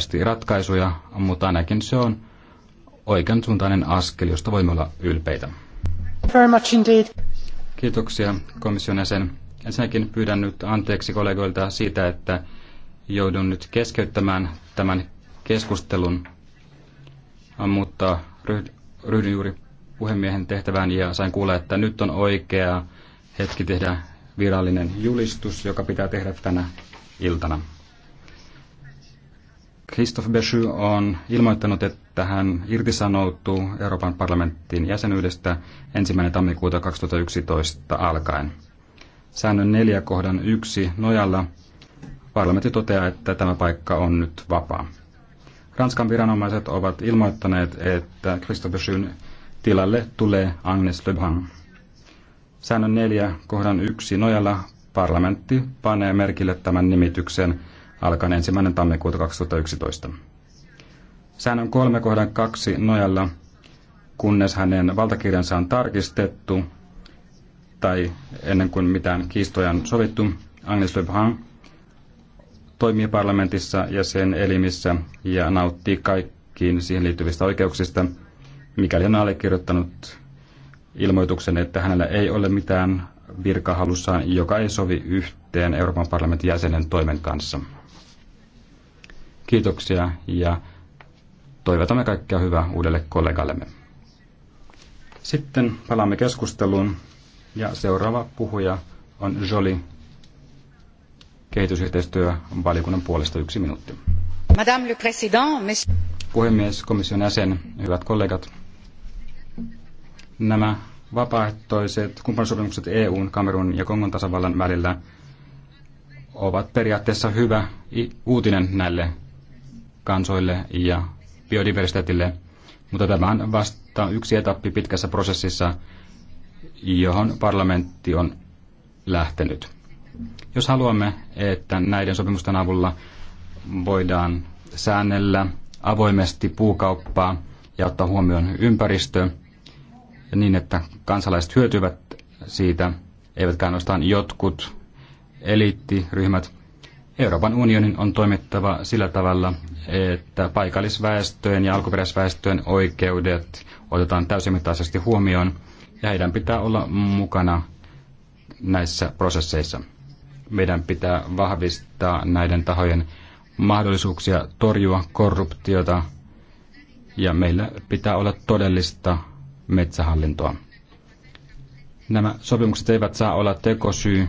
tarkasti ratkaisuja, mutta ainakin se on oikean suuntainen askel, josta voimme olla ylpeitä. Very much indeed. Kiitoksia komission jäsen. Ensinnäkin pyydän nyt anteeksi kollegoilta siitä, että joudun nyt keskeyttämään tämän keskustelun, mutta ryhdyin juuri puhemiehen tehtävään ja sain kuulla, että nyt on oikea hetki tehdä virallinen julistus, joka pitää tehdä tänä iltana. Christophe Beshy on ilmoittanut, että hän irtisanoutuu Euroopan parlamentin jäsenyydestä 1. tammikuuta 2011 alkaen. Säännön neljä kohdan yksi nojalla parlamentti toteaa, että tämä paikka on nyt vapaa. Ranskan viranomaiset ovat ilmoittaneet, että Christophe Schyn tilalle tulee Agnes Lebrun. Säännön neljä kohdan yksi nojalla parlamentti panee merkille tämän nimityksen alkaen ensimmäinen tammikuuta 2011. Säännön kolme kohdan kaksi nojalla, kunnes hänen valtakirjansa on tarkistettu tai ennen kuin mitään kiistoja on sovittu, Agnes Le Brun toimii parlamentissa ja sen elimissä ja nauttii kaikkiin siihen liittyvistä oikeuksista, mikäli hän on allekirjoittanut ilmoituksen, että hänellä ei ole mitään virkahalussaan, joka ei sovi yhteen Euroopan parlamentin jäsenen toimen kanssa. Kiitoksia ja toivotamme kaikkea hyvää uudelle kollegallemme. Sitten palaamme keskusteluun ja seuraava puhuja on Jolie kehitysyhteistyö valiokunnan puolesta yksi minuutti. Madame le Président, monsieur... Puhemies, komission jäsen, hyvät kollegat. Nämä vapaaehtoiset kumppanisopimukset EUn, Kamerun ja Kongon tasavallan välillä ovat periaatteessa hyvä uutinen näille kansoille ja biodiversiteetille, mutta tämä on vasta yksi etappi pitkässä prosessissa, johon parlamentti on lähtenyt. Jos haluamme, että näiden sopimusten avulla voidaan säännellä avoimesti puukauppaa ja ottaa huomioon ympäristö niin, että kansalaiset hyötyvät siitä, eivätkä ainoastaan jotkut eliittiryhmät, Euroopan unionin on toimittava sillä tavalla, että paikallisväestöjen ja alkuperäisväestöjen oikeudet otetaan täysimittaisesti huomioon ja heidän pitää olla mukana näissä prosesseissa. Meidän pitää vahvistaa näiden tahojen mahdollisuuksia torjua korruptiota ja meillä pitää olla todellista metsähallintoa. Nämä sopimukset eivät saa olla tekosyy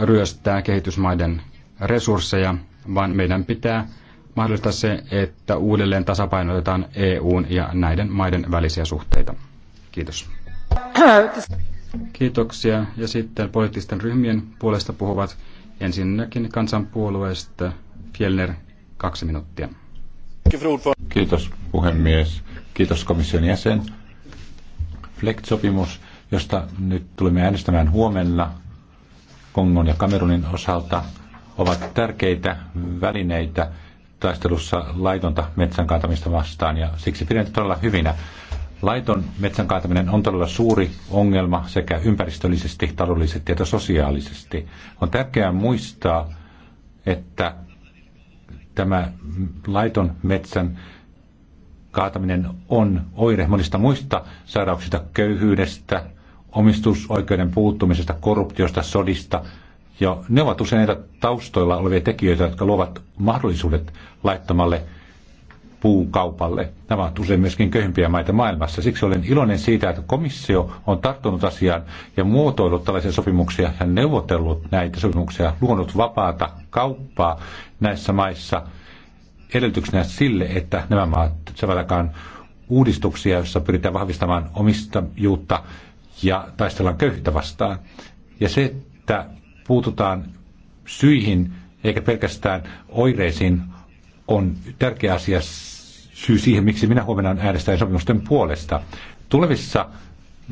ryöstää kehitysmaiden resursseja, vaan meidän pitää mahdollistaa se, että uudelleen tasapainotetaan EUn ja näiden maiden välisiä suhteita. Kiitos. Kiitoksia. Ja sitten poliittisten ryhmien puolesta puhuvat ensinnäkin kansanpuolueesta Fjellner kaksi minuuttia. Kiitos puhemies. Kiitos komission jäsen. Flekt-sopimus, josta nyt tulemme äänestämään huomenna, Kongon ja Kamerunin osalta ovat tärkeitä välineitä taistelussa laitonta metsän kaatamista vastaan ja siksi pidän todella hyvinä. Laiton metsän kaataminen on todella suuri ongelma sekä ympäristöllisesti, taloudellisesti että sosiaalisesti. On tärkeää muistaa, että tämä laiton metsän kaataminen on oire monista muista sairauksista, köyhyydestä, omistusoikeuden puuttumisesta, korruptiosta, sodista. Ja ne ovat usein näitä taustoilla olevia tekijöitä, jotka luovat mahdollisuudet laittamalle puukaupalle. Nämä ovat usein myöskin köyhimpiä maita maailmassa. Siksi olen iloinen siitä, että komissio on tarttunut asiaan ja muotoillut tällaisia sopimuksia ja neuvotellut näitä sopimuksia, luonut vapaata kauppaa näissä maissa edellytyksenä sille, että nämä maat saavat uudistuksia, joissa pyritään vahvistamaan omistajuutta ja taistellaan köyhyyttä vastaan. Ja se, että puututaan syihin eikä pelkästään oireisiin, on tärkeä asia syy siihen, miksi minä huomenna äänestän sopimusten puolesta. Tulevissa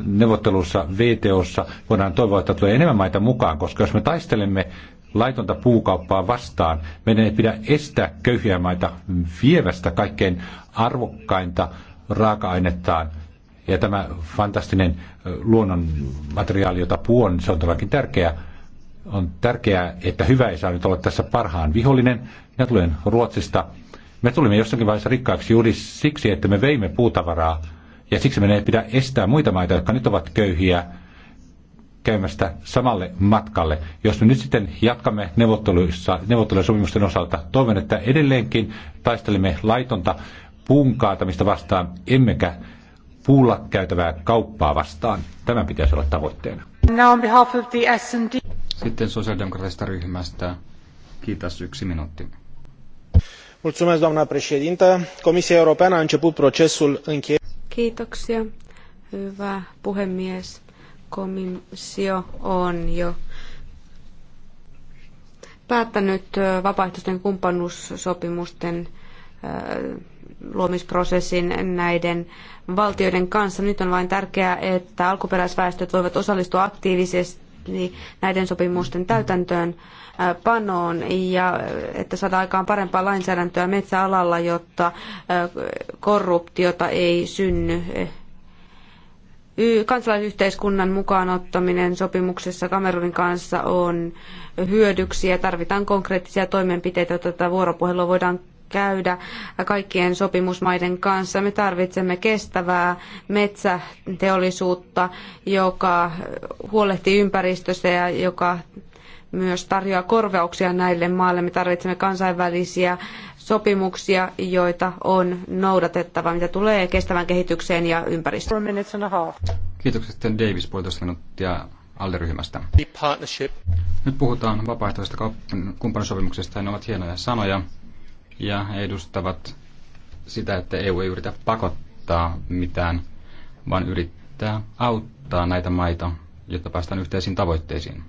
neuvotteluissa VTOssa voidaan toivoa, että tulee enemmän maita mukaan, koska jos me taistelemme laitonta puukauppaa vastaan, meidän ei pidä estää köyhiä maita vievästä kaikkein arvokkainta raaka-ainettaan – ja tämä fantastinen luonnonmateriaali, jota puu on, se on todellakin tärkeä. On tärkeää, että hyvä ei saa nyt olla tässä parhaan vihollinen. Minä tulen Ruotsista. Me tulimme jossakin vaiheessa rikkaaksi juuri siksi, että me veimme puutavaraa. Ja siksi me ei pidä estää muita maita, jotka nyt ovat köyhiä, käymästä samalle matkalle. Jos me nyt sitten jatkamme neuvotteluissa, neuvottelujen sopimusten osalta, toivon, että edelleenkin taistelemme laitonta puunkaatamista vastaan, emmekä puulla käytävää kauppaa vastaan. Tämä pitäisi olla tavoitteena. Sitten sosiaalidemokraattisesta ryhmästä. Kiitos, yksi minuutti. Mulțumesc, doamna președintă. Comisia Europeană a început procesul încheierii. Kiitoksia, hyvä puhemies. Komissio on jo päättänyt äh, vapaaehtoisten kumppanuussopimusten äh, luomisprosessin näiden valtioiden kanssa. Nyt on vain tärkeää, että alkuperäisväestöt voivat osallistua aktiivisesti näiden sopimusten täytäntöön äh, panoon ja äh, että saadaan aikaan parempaa lainsäädäntöä metsäalalla, jotta äh, korruptiota ei synny. Kansalaisyhteiskunnan mukaan ottaminen sopimuksessa Kamerunin kanssa on hyödyksi ja tarvitaan konkreettisia toimenpiteitä, jotta tätä vuoropuhelua voidaan käydä kaikkien sopimusmaiden kanssa. Me tarvitsemme kestävää metsäteollisuutta, joka huolehtii ympäristöstä ja joka myös tarjoaa korvauksia näille maille. Me tarvitsemme kansainvälisiä sopimuksia, joita on noudatettava, mitä tulee kestävän kehitykseen ja ympäristöön. Kiitokset sitten Davis, puolitoista minuuttia alderyhmästä. Nyt puhutaan vapaaehtoisesta kumppanuussopimuksesta ja ne ovat hienoja sanoja, ja he edustavat sitä, että EU ei yritä pakottaa mitään, vaan yrittää auttaa näitä maita, jotta päästään yhteisiin tavoitteisiin.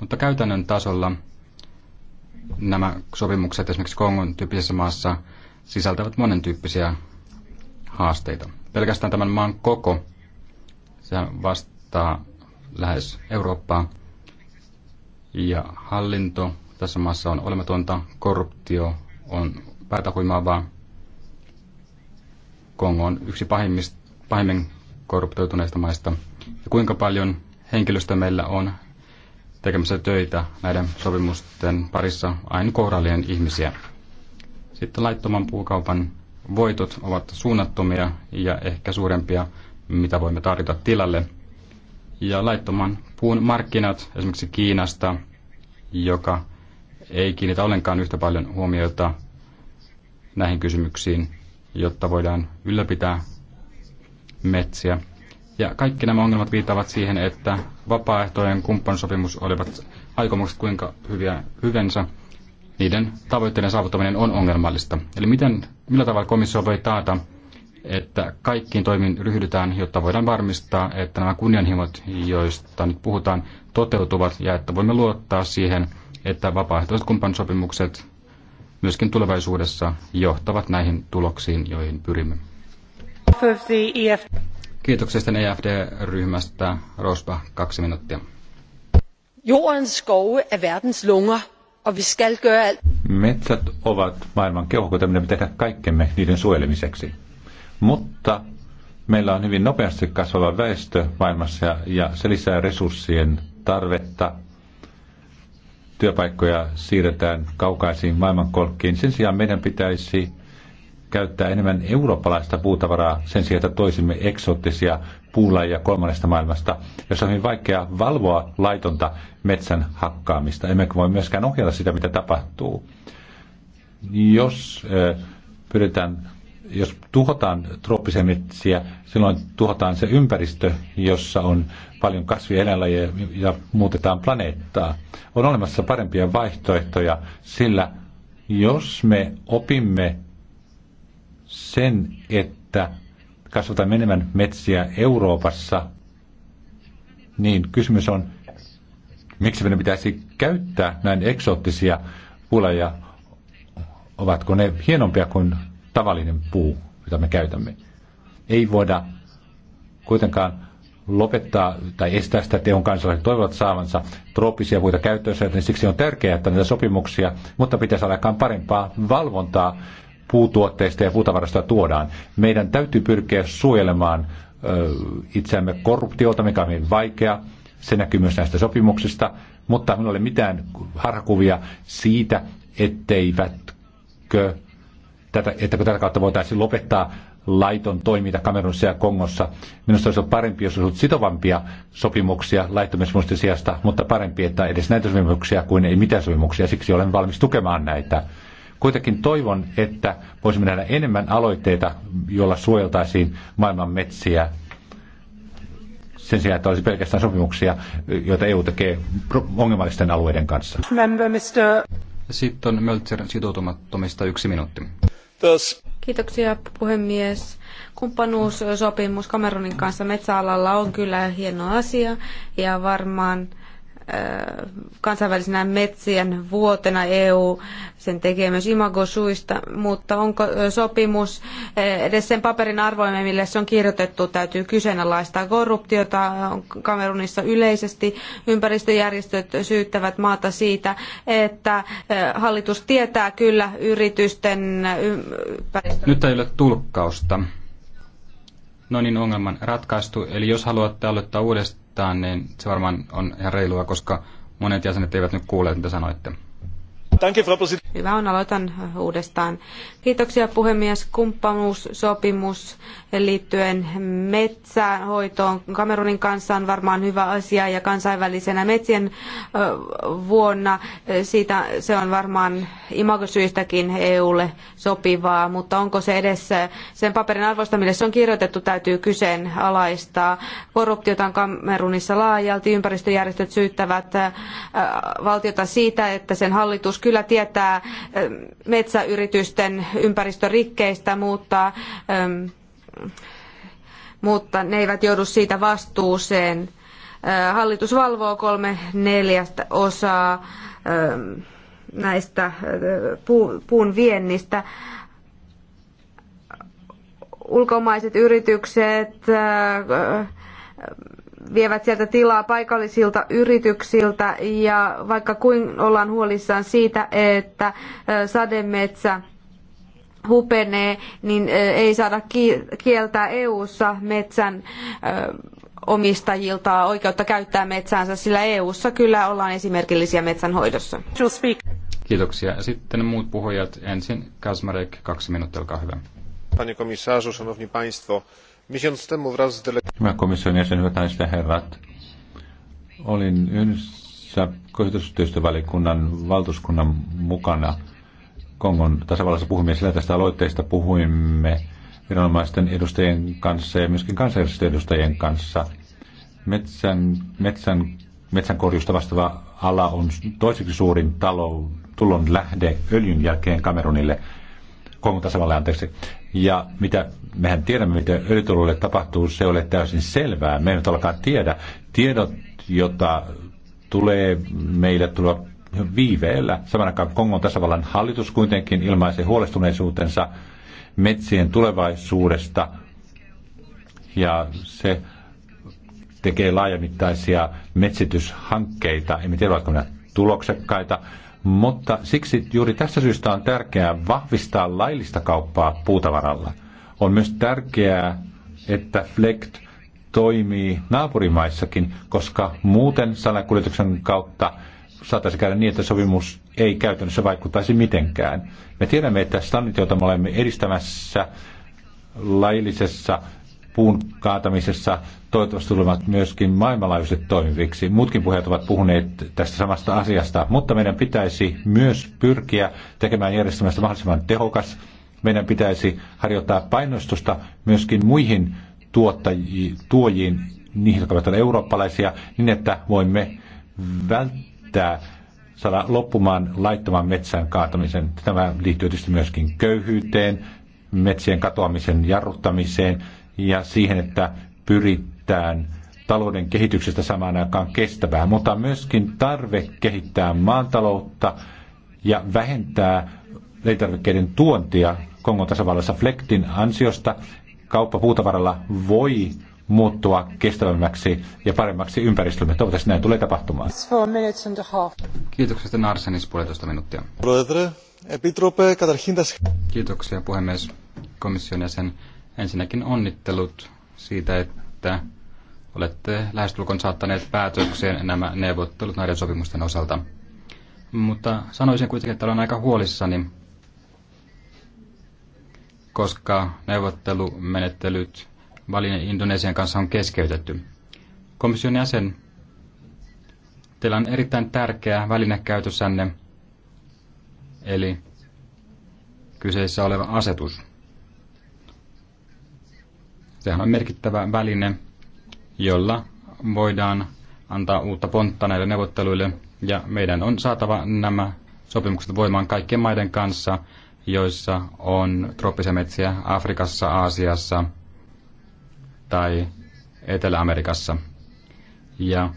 Mutta käytännön tasolla nämä sopimukset esimerkiksi Kongon tyyppisessä maassa sisältävät monen tyyppisiä haasteita. Pelkästään tämän maan koko, se vastaa lähes Eurooppaa, ja hallinto tässä maassa on olematonta, korruptio on päätä huimaavaa. Kongo on yksi pahimmin korruptoituneista maista. Ja kuinka paljon henkilöstä meillä on tekemässä töitä näiden sopimusten parissa aina kohdallinen ihmisiä. Sitten laittoman puukaupan voitot ovat suunnattomia ja ehkä suurempia, mitä voimme tarjota tilalle. Ja laittoman puun markkinat esimerkiksi Kiinasta, joka ei kiinnitä ollenkaan yhtä paljon huomiota näihin kysymyksiin, jotta voidaan ylläpitää metsiä. Ja kaikki nämä ongelmat viittaavat siihen, että vapaaehtojen kumppansopimus olivat aikomukset kuinka hyviä hyvensä, niiden tavoitteiden saavuttaminen on ongelmallista. Eli miten, millä tavalla komissio voi taata, että kaikkiin toimiin ryhdytään, jotta voidaan varmistaa, että nämä kunnianhimot, joista nyt puhutaan, toteutuvat ja että voimme luottaa siihen, että vapaaehtoiset kumppansopimukset myöskin tulevaisuudessa johtavat näihin tuloksiin, joihin pyrimme. Kiitoksesta EFD-ryhmästä. E Rosba, kaksi minuuttia. Jordens skove er verdens lunger, og vi skal gøre alt. Metsät ovat maailman keuhkot, ja me tehdä kaikkemme niiden suojelemiseksi. Mutta meillä on hyvin nopeasti kasvava väestö maailmassa, ja se lisää resurssien tarvetta työpaikkoja siirretään kaukaisiin maailmankolkkiin. Sen sijaan meidän pitäisi käyttää enemmän eurooppalaista puutavaraa sen sijaan, että toisimme eksoottisia puulajia kolmannesta maailmasta, jossa on hyvin vaikea valvoa laitonta metsän hakkaamista. Emmekä voi myöskään ohjata sitä, mitä tapahtuu. Jos pyritään jos tuhotaan trooppisia metsiä, silloin tuhotaan se ympäristö, jossa on paljon kasvia, ja ja muutetaan planeettaa. On olemassa parempia vaihtoehtoja, sillä jos me opimme sen, että kasvataan enemmän metsiä Euroopassa, niin kysymys on, miksi meidän pitäisi käyttää näin eksoottisia puleja? Ovatko ne hienompia kuin tavallinen puu, jota me käytämme. Ei voida kuitenkaan lopettaa tai estää sitä, että EUn kansalaiset toivovat saavansa trooppisia puita käyttöönsä, joten siksi on tärkeää, että näitä sopimuksia, mutta pitäisi alkaa parempaa valvontaa puutuotteista ja puutavarasta tuodaan. Meidän täytyy pyrkiä suojelemaan ö, itseämme korruptiota, mikä on hyvin vaikea. Se näkyy myös näistä sopimuksista, mutta minulla ei ole mitään harhakuvia siitä, etteivätkö tätä, että kun tätä kautta voitaisiin lopettaa laiton toiminta Kamerunissa ja Kongossa. Minusta olisi ollut parempi, jos olisi ollut sitovampia sopimuksia laittomien sijasta, mutta parempi, että edes näitä sopimuksia kuin ei mitään sopimuksia. Siksi olen valmis tukemaan näitä. Kuitenkin toivon, että voisimme nähdä enemmän aloitteita, joilla suojeltaisiin maailman metsiä sen sijaan, että olisi pelkästään sopimuksia, joita EU tekee ongelmallisten alueiden kanssa. Sitten on Möltser sitoutumattomista yksi minuutti. Kiitoksia puhemies. Kumppanuussopimus kamerunin kanssa metsäalalla on kyllä hieno asia ja varmaan kansainvälisenä metsien vuotena EU sen tekee myös imagosuista, mutta onko sopimus edes sen paperin arvoimme, mille se on kirjoitettu, täytyy kyseenalaistaa korruptiota Kamerunissa yleisesti. Ympäristöjärjestöt syyttävät maata siitä, että hallitus tietää kyllä yritysten ympäristö... Nyt ei ole tulkkausta. No niin, ongelman ratkaistu. Eli jos haluatte aloittaa uudestaan, vastaan, niin se varmaan on ihan reilua, koska monet jäsenet eivät nyt kuule, mitä sanoitte. Hyvä on, aloitan uudestaan. Kiitoksia puhemies. Kumppanuussopimus liittyen metsänhoitoon Kamerunin kanssa on varmaan hyvä asia ja kansainvälisenä metsien vuonna siitä se on varmaan imagosyistäkin EUlle sopivaa, mutta onko se edes sen paperin arvosta, mille se on kirjoitettu, täytyy kyseenalaistaa. Korruptiota on Kamerunissa laajalti, ympäristöjärjestöt syyttävät valtiota siitä, että sen hallitus kyllä tietää metsäyritysten ympäristörikkeistä, mutta, mutta ne eivät joudu siitä vastuuseen. Hallitus valvoo kolme neljästä osaa näistä puun viennistä ulkomaiset yritykset vievät sieltä tilaa paikallisilta yrityksiltä ja vaikka kuin ollaan huolissaan siitä, että sademetsä hupenee, niin ei saada kieltää EU-ssa metsän omistajilta oikeutta käyttää metsäänsä, sillä EU-ssa kyllä ollaan esimerkillisiä metsänhoidossa. Kiitoksia. Sitten muut puhujat. Ensin Kazmarek, kaksi minuuttia, olkaa hyvä. Panie komisarzu, szanowni państwo, Miesiąc temu wraz z delegacją... Hyvä komission jäsen, hyvät naiset ja herrat. Olin yhdessä kehitysyhteistyövaliokunnan valtuuskunnan mukana Kongon tasavallassa puhumme, sillä tästä aloitteesta puhuimme viranomaisten edustajien kanssa ja myöskin kansainvälisten edustajien kanssa. Metsän, metsän, metsän korjusta vastaava ala on toiseksi suurin talou, tulon lähde öljyn jälkeen Kamerunille. Kongon tasavalle, anteeksi. Ja mitä, mehän tiedämme, mitä öljytulolle tapahtuu, se ei ole täysin selvää. Me emme alkaa tiedä. Tiedot, joita tulee meille tulla viiveellä. Saman aikaan Kongon tasavallan hallitus kuitenkin ilmaisee huolestuneisuutensa metsien tulevaisuudesta ja se tekee laajamittaisia metsityshankkeita. Emme tiedä, ovatko ne tuloksekkaita mutta siksi juuri tästä syystä on tärkeää vahvistaa laillista kauppaa puutavaralla. On myös tärkeää, että FLECT toimii naapurimaissakin, koska muuten salakuljetuksen kautta saattaisi käydä niin, että sopimus ei käytännössä vaikuttaisi mitenkään. Me tiedämme, että standardit, joita me olemme edistämässä laillisessa puun kaatamisessa toivottavasti tulevat myöskin maailmanlaajuisesti toimiviksi. Muutkin puheet ovat puhuneet tästä samasta asiasta, mutta meidän pitäisi myös pyrkiä tekemään järjestelmästä mahdollisimman tehokas. Meidän pitäisi harjoittaa painostusta myöskin muihin tuottajiin, tuojiin, niihin, jotka ovat eurooppalaisia, niin että voimme välttää saada loppumaan laittoman metsän kaatamisen. Tämä liittyy tietysti myöskin köyhyyteen, metsien katoamisen jarruttamiseen – ja siihen, että pyritään talouden kehityksestä samaan aikaan kestävää, mutta myöskin tarve kehittää maantaloutta ja vähentää elintarvikkeiden tuontia Kongon tasavallassa Flektin ansiosta. Kauppa puutavaralla voi muuttua kestävämmäksi ja paremmaksi ympäristölle. Toivottavasti näin tulee tapahtumaan. Kiitoksia Narsenis puolitoista minuuttia. Kiitoksia puhemies komission jäsen. Ensinnäkin onnittelut siitä, että olette lähestulkoon saattaneet päätökseen nämä neuvottelut näiden sopimusten osalta. Mutta sanoisin kuitenkin, että olen aika huolissani, koska neuvottelumenettelyt valinne Indonesian kanssa on keskeytetty. Komission jäsen, teillä on erittäin tärkeä väline käytössänne, eli kyseessä oleva asetus. Sehän on merkittävä väline, jolla voidaan antaa uutta pontta näille neuvotteluille, ja meidän on saatava nämä sopimukset voimaan kaikkien maiden kanssa, joissa on trooppisia metsiä Afrikassa, Aasiassa tai Etelä-Amerikassa. Ja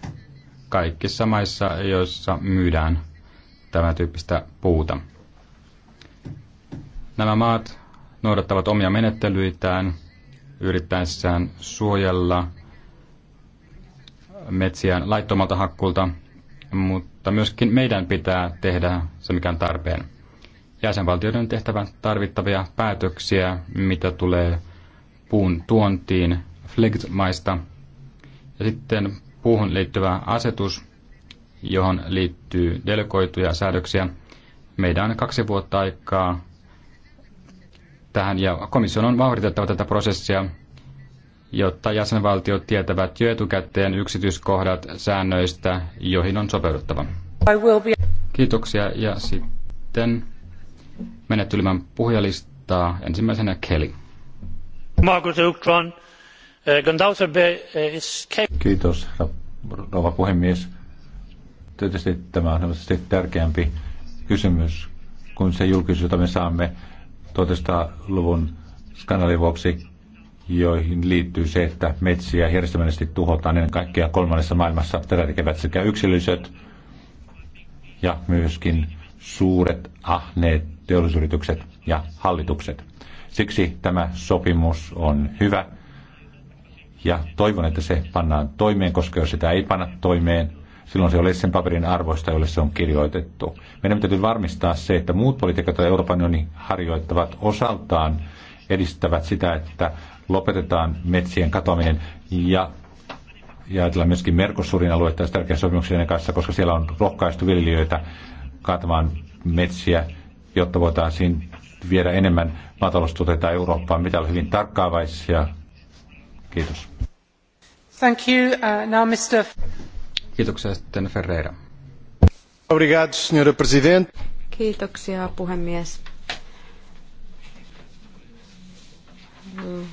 kaikissa maissa, joissa myydään tämän tyyppistä puuta. Nämä maat noudattavat omia menettelyitään – yrittäessään suojella metsiä laittomalta hakkulta, mutta myöskin meidän pitää tehdä se, mikä on tarpeen. Jäsenvaltioiden tehtävän tarvittavia päätöksiä, mitä tulee puun tuontiin Flegt-maista. Ja sitten puuhun liittyvä asetus, johon liittyy delegoituja säädöksiä. Meidän on kaksi vuotta aikaa tähän ja komission on vauhditettava tätä prosessia, jotta jäsenvaltiot tietävät jo etukäteen yksityiskohdat säännöistä, joihin on sopeuduttava. Kiitoksia ja sitten menettelymän puhujalistaa ensimmäisenä Kelly. Eh, eh, Kiitos, rouva puhemies. Tietysti tämä on tärkeämpi kysymys kuin se julkisuus, jota me saamme 1900-luvun skandaalin vuoksi, joihin liittyy se, että metsiä järjestelmällisesti tuhotaan ennen kaikkea kolmannessa maailmassa. Tätä tekevät sekä yksilöiset ja myöskin suuret, ahneet teollisuusyritykset ja hallitukset. Siksi tämä sopimus on hyvä ja toivon, että se pannaan toimeen, koska jos sitä ei panna toimeen, silloin se ei ole sen paperin arvoista, jolle se on kirjoitettu. Meidän täytyy varmistaa se, että muut poliitikot ja Euroopan unioni harjoittavat osaltaan edistävät sitä, että lopetetaan metsien katoaminen ja ja ajatellaan myöskin Merkosurin aluetta tässä tärkeä sopimuksen kanssa, koska siellä on rohkaistu viljelijöitä kaatamaan metsiä, jotta voitaisiin viedä enemmän maataloustuotteita Eurooppaan, mitä on hyvin tarkkaavaisia. Kiitos. Thank you. Uh, now Mr. Kiitoksia sitten Ferreira. Obrigado, signora president. Kiitoksia puhemies.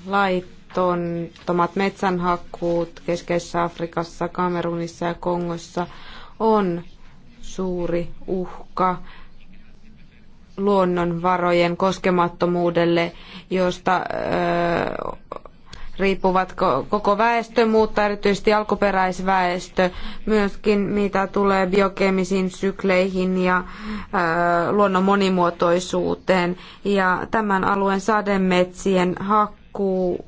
Laittomat metsänhakkuut keskeisessä Afrikassa, Kamerunissa ja Kongossa on suuri uhka luonnonvarojen koskemattomuudelle, josta riippuvat koko väestö, mutta erityisesti alkuperäisväestö, myöskin mitä tulee biokemisiin sykleihin ja luonnon monimuotoisuuteen. Ja tämän alueen sademetsien hakkuu,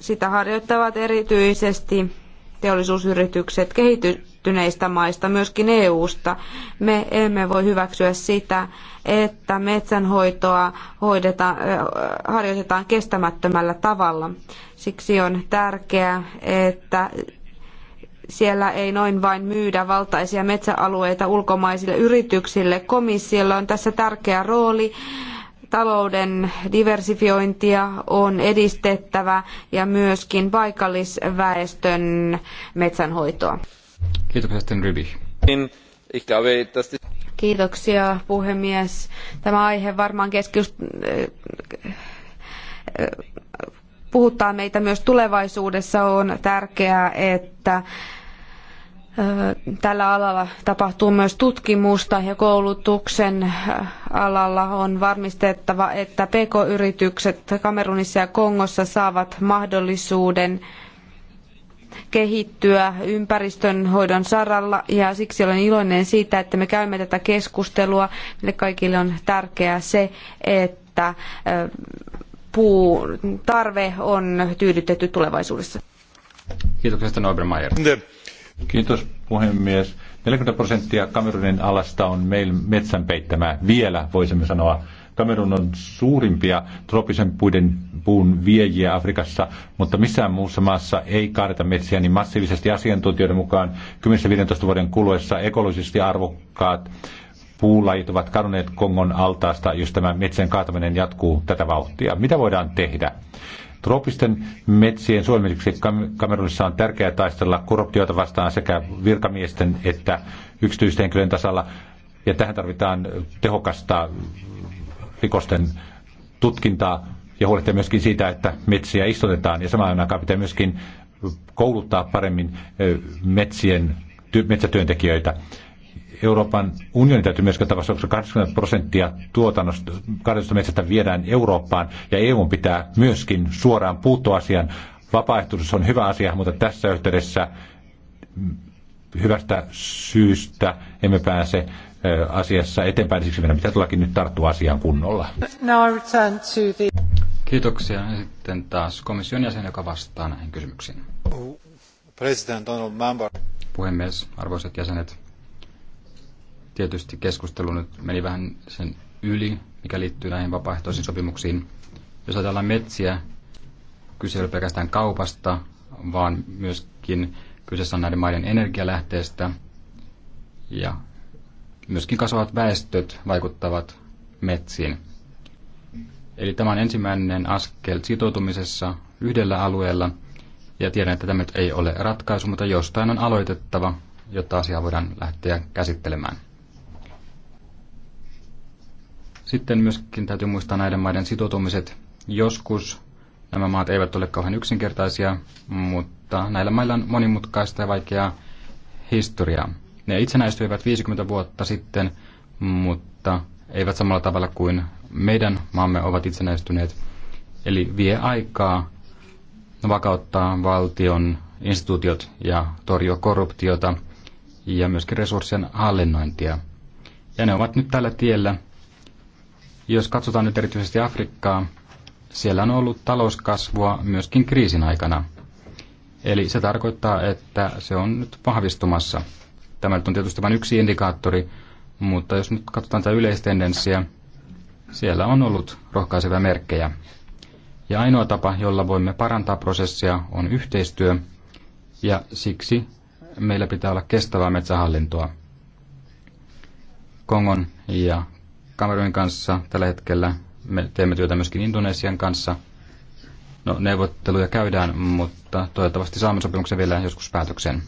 sitä harjoittavat erityisesti teollisuusyritykset, kehitys kehittyneistä maista, myöskin EU-sta. Me emme voi hyväksyä sitä, että metsänhoitoa hoidetaan, harjoitetaan kestämättömällä tavalla. Siksi on tärkeää, että siellä ei noin vain myydä valtaisia metsäalueita ulkomaisille yrityksille. Komissiolla on tässä tärkeä rooli. Talouden diversifiointia on edistettävä ja myöskin paikallisväestön metsänhoitoa. Kiitoksia, Sten Kiitoksia, puhemies. Tämä aihe varmaan keskus... puhuttaa meitä myös tulevaisuudessa. On tärkeää, että Tällä alalla tapahtuu myös tutkimusta ja koulutuksen alalla on varmistettava, että pk-yritykset Kamerunissa ja Kongossa saavat mahdollisuuden kehittyä ympäristönhoidon saralla ja siksi olen iloinen siitä, että me käymme tätä keskustelua. Meille kaikille on tärkeää se, että puu tarve on tyydytetty tulevaisuudessa. Kiitoksia, Neubermeier. Kiitos puhemies. 40 prosenttia Kamerunin alasta on meillä metsän peittämää. Vielä voisimme sanoa Kamerun on suurimpia tropisen puiden puun viejiä Afrikassa, mutta missään muussa maassa ei kaadeta metsiä niin massiivisesti asiantuntijoiden mukaan 10-15 vuoden kuluessa ekologisesti arvokkaat puulajit ovat kadonneet Kongon altaasta, jos tämä metsän kaataminen jatkuu tätä vauhtia. Mitä voidaan tehdä? Tropisten metsien suojelmiseksi Kamerunissa on tärkeää taistella korruptiota vastaan sekä virkamiesten että yksityisten tasalla. Ja tähän tarvitaan tehokasta rikosten tutkintaa ja huolehtia myöskin siitä, että metsiä istutetaan ja samaan aikaan pitää myöskin kouluttaa paremmin metsien, metsätyöntekijöitä. Euroopan unionin täytyy myös katsoa, koska 80 prosenttia tuotannosta, karjoista metsästä viedään Eurooppaan, ja EU pitää myöskin suoraan puuttua asiaan. Vapaaehtoisuus on hyvä asia, mutta tässä yhteydessä mm, hyvästä syystä emme pääse asiassa eteenpäin. Siksi meidän pitää tullakin nyt tarttua asiaan kunnolla. Kiitoksia. Ja sitten taas komission jäsen, joka vastaa näihin kysymyksiin. President Donald Member. Puhemies, arvoisat jäsenet. Tietysti keskustelu nyt meni vähän sen yli, mikä liittyy näihin vapaaehtoisiin sopimuksiin. Jos ajatellaan metsiä, kyse ei ole pelkästään kaupasta, vaan myöskin kyseessä on näiden maiden energialähteestä ja myöskin kasvavat väestöt vaikuttavat metsiin. Eli tämä on ensimmäinen askel sitoutumisessa yhdellä alueella, ja tiedän, että tämä nyt ei ole ratkaisu, mutta jostain on aloitettava, jotta asiaa voidaan lähteä käsittelemään. Sitten myöskin täytyy muistaa näiden maiden sitoutumiset. Joskus nämä maat eivät ole kauhean yksinkertaisia, mutta näillä mailla on monimutkaista ja vaikeaa historiaa. Ne itsenäistyivät 50 vuotta sitten, mutta eivät samalla tavalla kuin meidän maamme ovat itsenäistyneet. Eli vie aikaa vakauttaa valtion instituutiot ja torjua korruptiota ja myöskin resurssien hallinnointia. Ja ne ovat nyt tällä tiellä. Jos katsotaan nyt erityisesti Afrikkaa, siellä on ollut talouskasvua myöskin kriisin aikana. Eli se tarkoittaa, että se on nyt vahvistumassa. Tämä nyt on tietysti vain yksi indikaattori, mutta jos nyt katsotaan tätä yleistendenssiä, siellä on ollut rohkaisevia merkkejä. Ja ainoa tapa, jolla voimme parantaa prosessia, on yhteistyö, ja siksi meillä pitää olla kestävää metsähallintoa. Kongon ja Kamerunin kanssa tällä hetkellä me teemme työtä myöskin Indonesian kanssa. No, neuvotteluja käydään, mutta toivottavasti saamme sopimuksen vielä joskus päätökseen.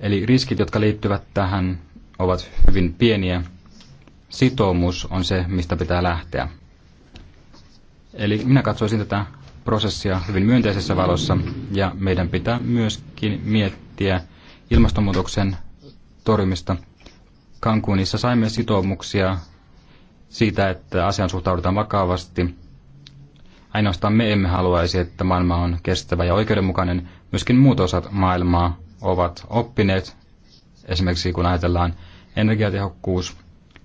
Eli riskit, jotka liittyvät tähän, ovat hyvin pieniä. Sitoumus on se, mistä pitää lähteä. Eli minä katsoisin tätä prosessia hyvin myönteisessä valossa ja meidän pitää myöskin miettiä ilmastonmuutoksen torjumista. Kankuunissa saimme sitoumuksia siitä, että asian suhtaudutaan vakavasti. Ainoastaan me emme haluaisi, että maailma on kestävä ja oikeudenmukainen. Myöskin muut osat maailmaa ovat oppineet. Esimerkiksi kun ajatellaan energiatehokkuus,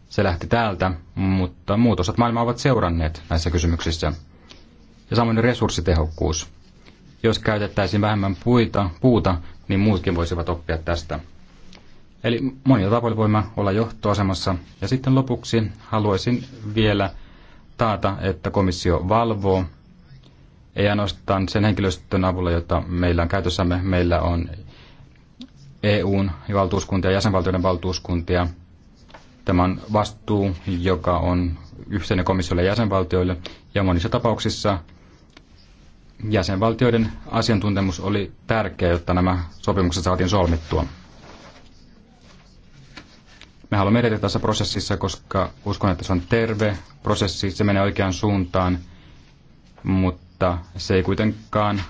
se lähti täältä, mutta muutosat maailmaa ovat seuranneet näissä kysymyksissä. Ja samoin resurssitehokkuus. Jos käytettäisiin vähemmän puita, puuta, niin muutkin voisivat oppia tästä. Eli monilla tavoilla voimme olla johtoasemassa. Ja sitten lopuksi haluaisin vielä taata, että komissio valvoo, ei ainoastaan sen henkilöstön avulla, jota meillä on käytössämme. Meillä on EUn ja valtuuskuntia ja jäsenvaltioiden valtuuskuntia. Tämä on vastuu, joka on yhteinen komissiolle ja jäsenvaltioille, ja monissa tapauksissa jäsenvaltioiden asiantuntemus oli tärkeä, jotta nämä sopimukset saatiin solmittua. Me haluamme edetä tässä prosessissa, koska uskon, että se on terve prosessi, se menee oikeaan suuntaan, mutta se ei kuitenkaan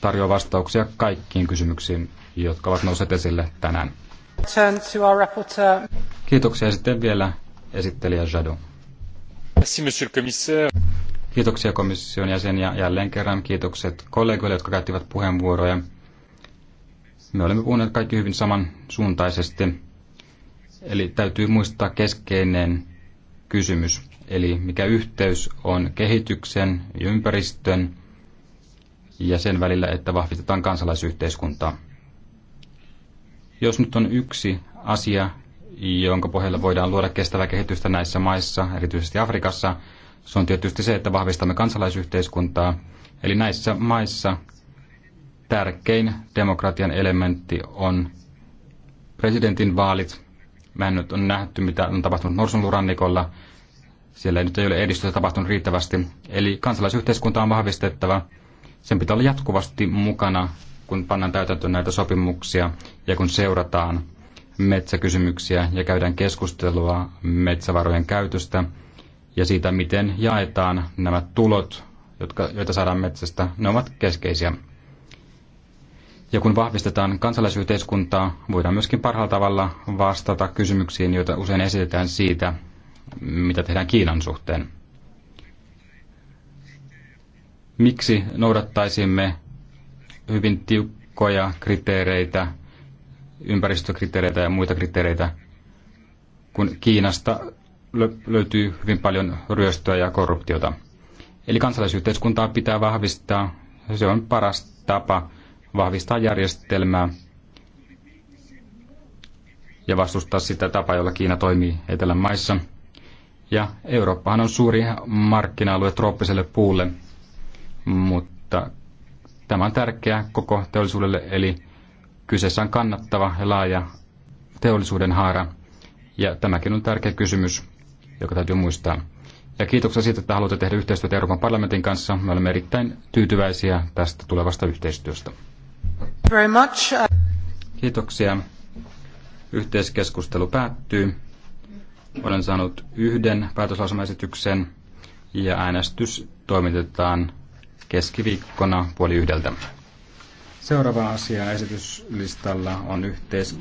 tarjoa vastauksia kaikkiin kysymyksiin, jotka ovat nousseet esille tänään. Kiitoksia sitten vielä esittelijä Jadot. Kiitoksia komission jäsen ja jälleen kerran kiitokset kollegoille, jotka käyttivät puheenvuoroja. Me olemme puhuneet kaikki hyvin samansuuntaisesti. Eli täytyy muistaa keskeinen kysymys, eli mikä yhteys on kehityksen ja ympäristön ja sen välillä, että vahvistetaan kansalaisyhteiskuntaa. Jos nyt on yksi asia, jonka pohjalla voidaan luoda kestävää kehitystä näissä maissa, erityisesti Afrikassa, se on tietysti se, että vahvistamme kansalaisyhteiskuntaa. Eli näissä maissa tärkein demokratian elementti on presidentin vaalit. Mä en nyt on nähty, mitä on tapahtunut Norsunlurannikolla. Siellä ei nyt ei ole edistystä tapahtunut riittävästi. Eli kansalaisyhteiskunta on vahvistettava. Sen pitää olla jatkuvasti mukana kun pannaan täytäntöön näitä sopimuksia ja kun seurataan metsäkysymyksiä ja käydään keskustelua metsävarojen käytöstä ja siitä, miten jaetaan nämä tulot, jotka, joita saadaan metsästä, ne ovat keskeisiä. Ja kun vahvistetaan kansalaisyhteiskuntaa, voidaan myöskin parhaalla tavalla vastata kysymyksiin, joita usein esitetään siitä, mitä tehdään Kiinan suhteen. Miksi noudattaisimme hyvin tiukkoja kriteereitä, ympäristökriteereitä ja muita kriteereitä, kun Kiinasta löytyy hyvin paljon ryöstöä ja korruptiota. Eli kansalaisyhteiskuntaa pitää vahvistaa. Se on paras tapa vahvistaa järjestelmää ja vastustaa sitä tapaa, jolla Kiina toimii etelän maissa. Ja Eurooppahan on suuri markkina-alue trooppiselle puulle, mutta Tämä on tärkeää koko teollisuudelle, eli kyseessä on kannattava ja laaja teollisuuden haara. Ja tämäkin on tärkeä kysymys, joka täytyy muistaa. Ja kiitoksia siitä, että haluatte tehdä yhteistyötä Euroopan parlamentin kanssa. Me olemme erittäin tyytyväisiä tästä tulevasta yhteistyöstä. Very much. Kiitoksia. Yhteiskeskustelu päättyy. Olen saanut yhden päätöslausumaesityksen ja äänestys toimitetaan keskiviikkona puoli yhdeltä. Seuraava asia esityslistalla on yhteis